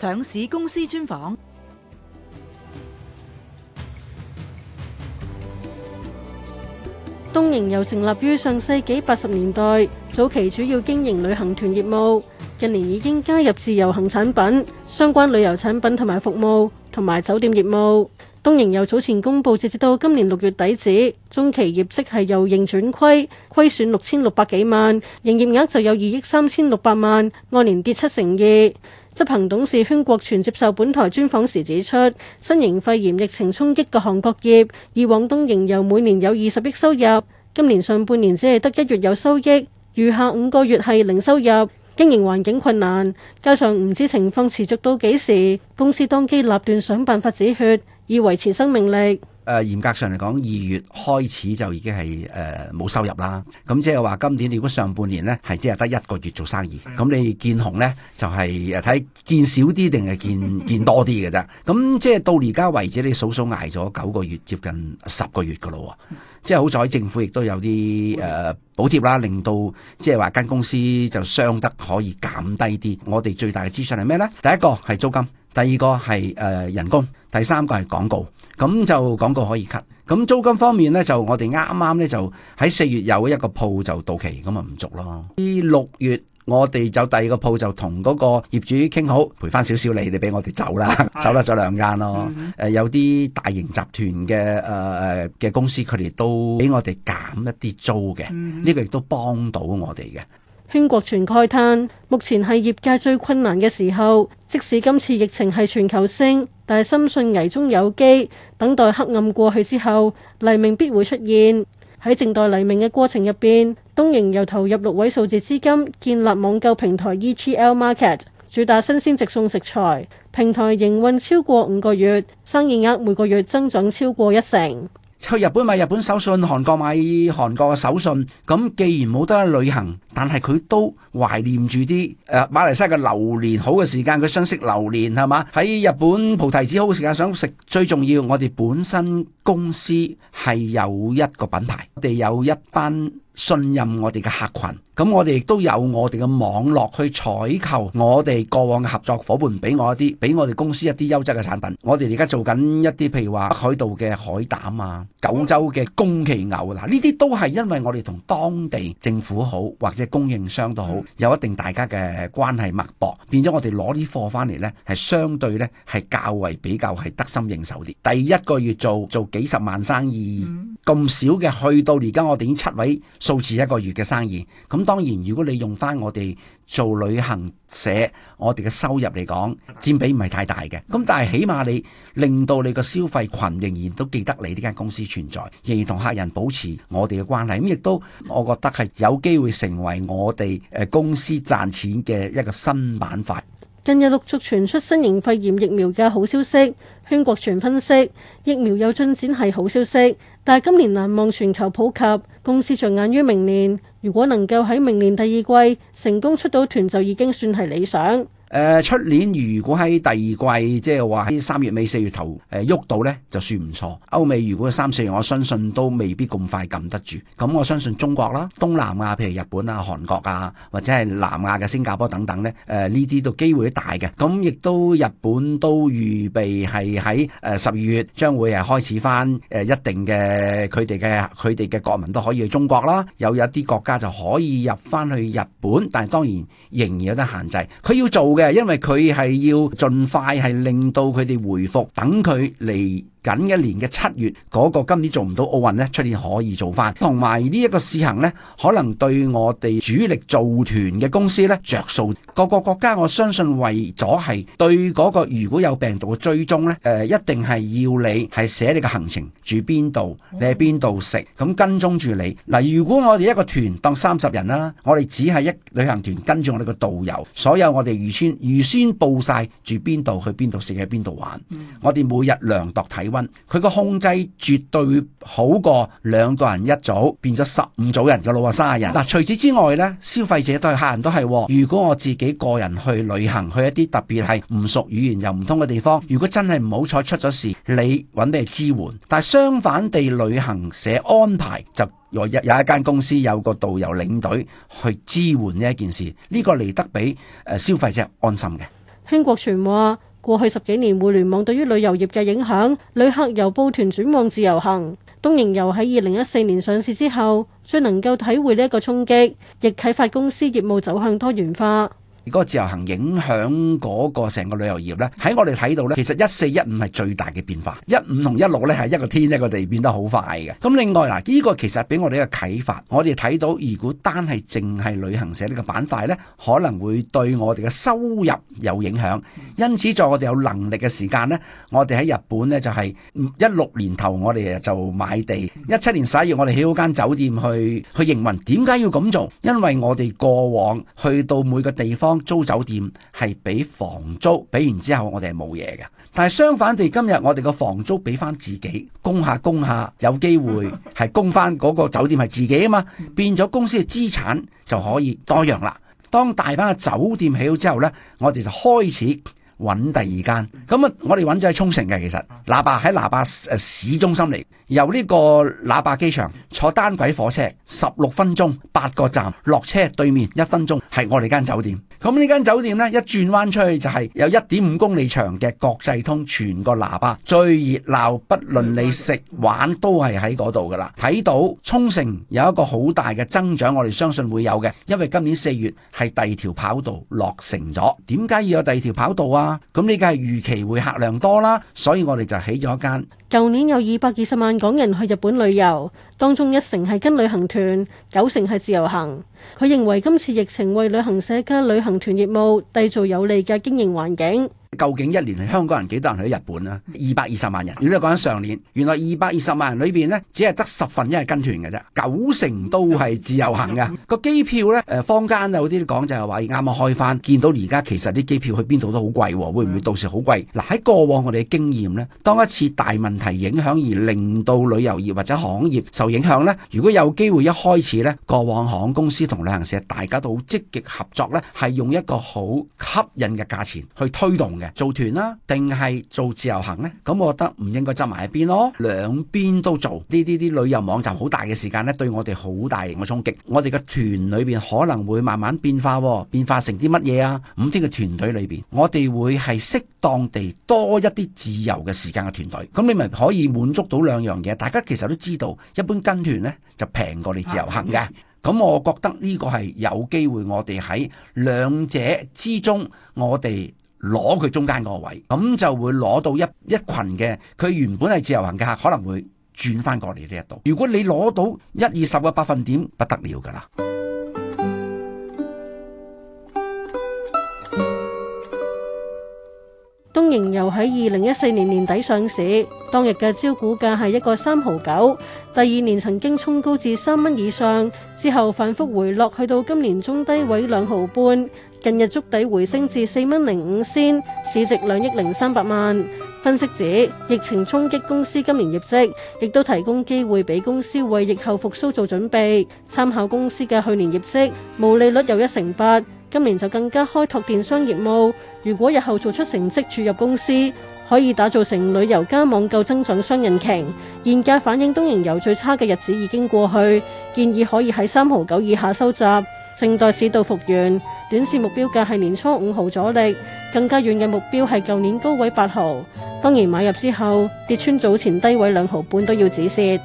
上市公司專訪，東瀛遊成立於上世紀八十年代，早期主要經營旅行團業務。近年已經加入自由行產品、相關旅遊產品同埋服務同埋酒店業務。東瀛遊早前公佈，直至到今年六月底止，中期業績係由盈轉虧，虧損六千六百幾萬，營業額就有二億三千六百萬，按年跌七成二。執行董事褟國全接受本台專訪時指出，新型肺炎疫情衝擊各行各業，以往東瀛遊每年有二十億收入，今年上半年只係得一月有收益，餘下五個月係零收入，經營環境困難，加上唔知情況持續到幾時，公司當機立斷想辦法止血，以維持生命力。誒、啊、嚴格上嚟講，二月開始就已經係誒冇收入啦。咁即係話今年如果上半年呢係只係得一個月做生意。咁、嗯、你見紅呢，就係、是、睇見少啲定係見見多啲嘅啫。咁即係到而家為止，你數數捱咗九個月，接近十個月噶咯。即係、嗯啊、好彩政府亦都有啲誒補貼啦，令到即係話間公司就傷得可以減低啲。我哋最大嘅支出係咩呢？第一個係租金，第二個係誒、呃、人工，第三個係廣告。咁就廣告可以 cut，咁租金方面呢，就我哋啱啱呢，就喺四月有一個鋪就到期，咁啊唔續咯。啲六月我哋就第二個鋪就同嗰個業主傾好，賠翻少少你你俾我哋走啦，的走甩咗兩間咯。誒、mm hmm. 有啲大型集團嘅誒誒嘅公司，佢哋都俾我哋減一啲租嘅，呢、mm hmm. 個亦都幫到我哋嘅。褟國全慨嘆，目前係業界最困難嘅時候，即使今次疫情係全球性。但係深信危中有機，等待黑暗過去之後，黎明必會出現。喺靜待黎明嘅過程入邊，東瀛又投入六位數字資金建立網購平台 ETL Market，主打新鮮直送食材。平台營運超過五個月，生意額每個月增長超過一成。去日本買日本手信，韓國買韓國嘅手信。咁既然冇得旅行，但係佢都懷念住啲誒馬來西亞嘅榴蓮，好嘅時間佢想食榴蓮係咪？喺日本菩提子好時間想食。最重要，我哋本身公司係有一個品牌，我哋有一班信任我哋嘅客群，咁我哋亦都有我哋嘅網絡去採購，我哋過往嘅合作夥伴俾我一啲，俾我哋公司一啲優質嘅產品。我哋而家做緊一啲，譬如話北海道嘅海膽啊，九州嘅宮崎牛嗱，呢啲都係因為我哋同當地政府好，或者供應商都好，有一定大家嘅關係脈搏，變咗我哋攞啲貨翻嚟呢係相對呢係較為比較係得心應手啲。第一個月做做幾十萬生意咁少嘅，去到而家我哋已經七位，數字一個月嘅生意，咁當然如果你用翻我哋做旅行社，我哋嘅收入嚟講，佔比唔係太大嘅。咁但係起碼你令到你個消費群仍然都記得你呢間公司存在，仍然同客人保持我哋嘅關係。咁亦都，我覺得係有機會成為我哋誒公司賺錢嘅一個新板塊。近日陸續傳出新型肺炎疫苗嘅好消息，褟國全分析疫苗有進展係好消息，但係今年難望全球普及，公司着眼於明年，如果能夠喺明年第二季成功出到團，就已經算係理想。誒出、呃、年如果喺第二季，即係話喺三月尾四月頭誒喐、呃、到咧，就算唔錯。歐美如果三四月，我相信都未必咁快撳得住。咁、嗯、我相信中國啦、東南亞譬如日本啊、韓國啊，或者係南亞嘅新加坡等等咧，誒呢啲都機會大嘅。咁、嗯、亦都日本都預備係喺誒十二月將會係開始翻誒、呃、一定嘅佢哋嘅佢哋嘅國民都可以去中國啦。有一啲國家就可以入翻去日本，但係當然仍然有得限制。佢要做嘅。因為佢係要盡快係令到佢哋回復，等佢嚟。緊一年嘅七月，嗰、那個今年做唔到奧運呢，出年可以做翻。同埋呢一個試行呢可能對我哋主力做團嘅公司呢，着數。各個國家我相信為咗係對嗰個如果有病毒嘅追蹤呢誒、呃、一定係要你係寫你嘅行程住邊度，你喺邊度食，咁跟蹤住你。嗱、呃，如果我哋一個團當三十人啦，我哋只係一旅行團跟住我哋個導遊，所有我哋預先預先報晒住邊度去邊度食喺邊度玩，嗯、我哋每日量度體。佢個控制絕對好過兩個人一組變咗十五組人嘅咯喎，卅人。嗱，除此之外呢，消費者對客人都係，如果我自己個人去旅行，去一啲特別係唔熟語言又唔通嘅地方，如果真係唔好彩出咗事，你揾咩支援？但係相反地，旅行社安排就有一有一間公司有個導遊領隊去支援呢一件事，呢個嚟得比消費者安心嘅。褟國全話。過去十幾年互聯網對於旅遊業嘅影響，旅客由報團轉往自由行，東瀛遊喺二零一四年上市之後，最能夠體會呢一個衝擊，亦啟發公司業務走向多元化。如果自由行影響嗰個成個旅遊業咧，喺我哋睇到咧，其實一四一五係最大嘅變化，一五同一六咧係一個天一個地變得好快嘅。咁另外嗱，呢個其實俾我哋一個啟發，我哋睇到，如果單係淨係旅行社呢個板塊咧，可能會對我哋嘅收入有影響，因此，在我哋有能力嘅時間咧，我哋喺日本咧就係一六年頭我哋就買地；一七年十一月，我哋起咗間酒店去去營運。點解要咁做？因為我哋過往去到每個地方。租酒店係俾房租，俾完之後我哋係冇嘢嘅。但係相反地，今日我哋個房租俾翻自己，供下供下，有機會係供翻嗰個酒店係自己啊嘛，變咗公司嘅資產就可以多樣啦。當大阪嘅酒店起好之後呢，我哋就開始揾第二間。咁啊，我哋揾咗喺沖繩嘅，其實喇叭喺喇叭市中心嚟，由呢個喇叭機場坐單軌火車十六分鐘，八個站落車對面一分鐘係我哋間酒店。咁呢間酒店呢，一轉彎出去就係有一點五公里長嘅國際通，全個那霸最熱鬧，不論你食玩都係喺嗰度噶啦。睇到沖繩有一個好大嘅增長，我哋相信會有嘅，因為今年四月係第二條跑道落成咗。點解要有第二條跑道啊？咁呢個係預期會客量多啦，所以我哋就起咗一間。舊年有二百二十萬港人去日本旅遊，當中一成係跟旅行團，九成係自由行。佢認為今次疫情為旅行社加旅行團業務締造有利嘅經營環境。究竟一年香港人幾多人去日本啊？二百二十萬人，如果你講緊上年，原來二百二十萬人裏邊呢，只係得十分一係跟團嘅啫，九成都係自由行嘅。個機票呢，誒，坊間有啲講就係話啱啱開翻，見到而家其實啲機票去邊度都好貴，會唔會到時好貴？嗱，喺過往我哋嘅經驗呢，當一次大問題影響而令到旅遊業或者行業受影響呢，如果有機會一開始呢，過往航空公司同旅行社大家都好積極合作呢，係用一個好吸引嘅價錢去推動。做團啦、啊，定係做自由行咧？咁我覺得唔應該執埋一邊咯，兩邊都做呢？啲啲旅遊網站好大嘅時間咧，對我哋好大型嘅衝擊。我哋嘅團裏邊可能會慢慢變化，變化成啲乜嘢啊？五天嘅團隊裏邊，我哋會係適當地多一啲自由嘅時間嘅團隊。咁你咪可以滿足到兩樣嘢。大家其實都知道，一般跟團咧就平過你自由行嘅。咁我覺得呢個係有機會，我哋喺兩者之中，我哋。攞佢中間嗰個位，咁就會攞到一一群嘅，佢原本係自由行嘅客，可能會轉翻過嚟呢一度。如果你攞到一二十個百分點，不得了噶啦！東瀛遊喺二零一四年年底上市，當日嘅招股價係一個三毫九，第二年曾經衝高至三蚊以上，之後反覆回落，去到今年中低位兩毫半。近日觸底回升至四蚊零五仙，市值兩億零三百萬，分析指疫情衝擊公司今年業績亦都提供機會俾公司為疫後復蘇做準備，參考公司嘅去年業績毛利率有一成八，今年就更加開拓電商業務，如果日後做出成績注入公司，可以打造成旅遊加網購增長雙引擎。現價反映東瀛遊最差嘅日子已經過去，建議可以喺三毫九以下收集。靜待市道復原，短線目標價係年初五毫阻力，更加遠嘅目標係舊年高位八毫。當然買入之後跌穿早前低位兩毫半都要止蝕。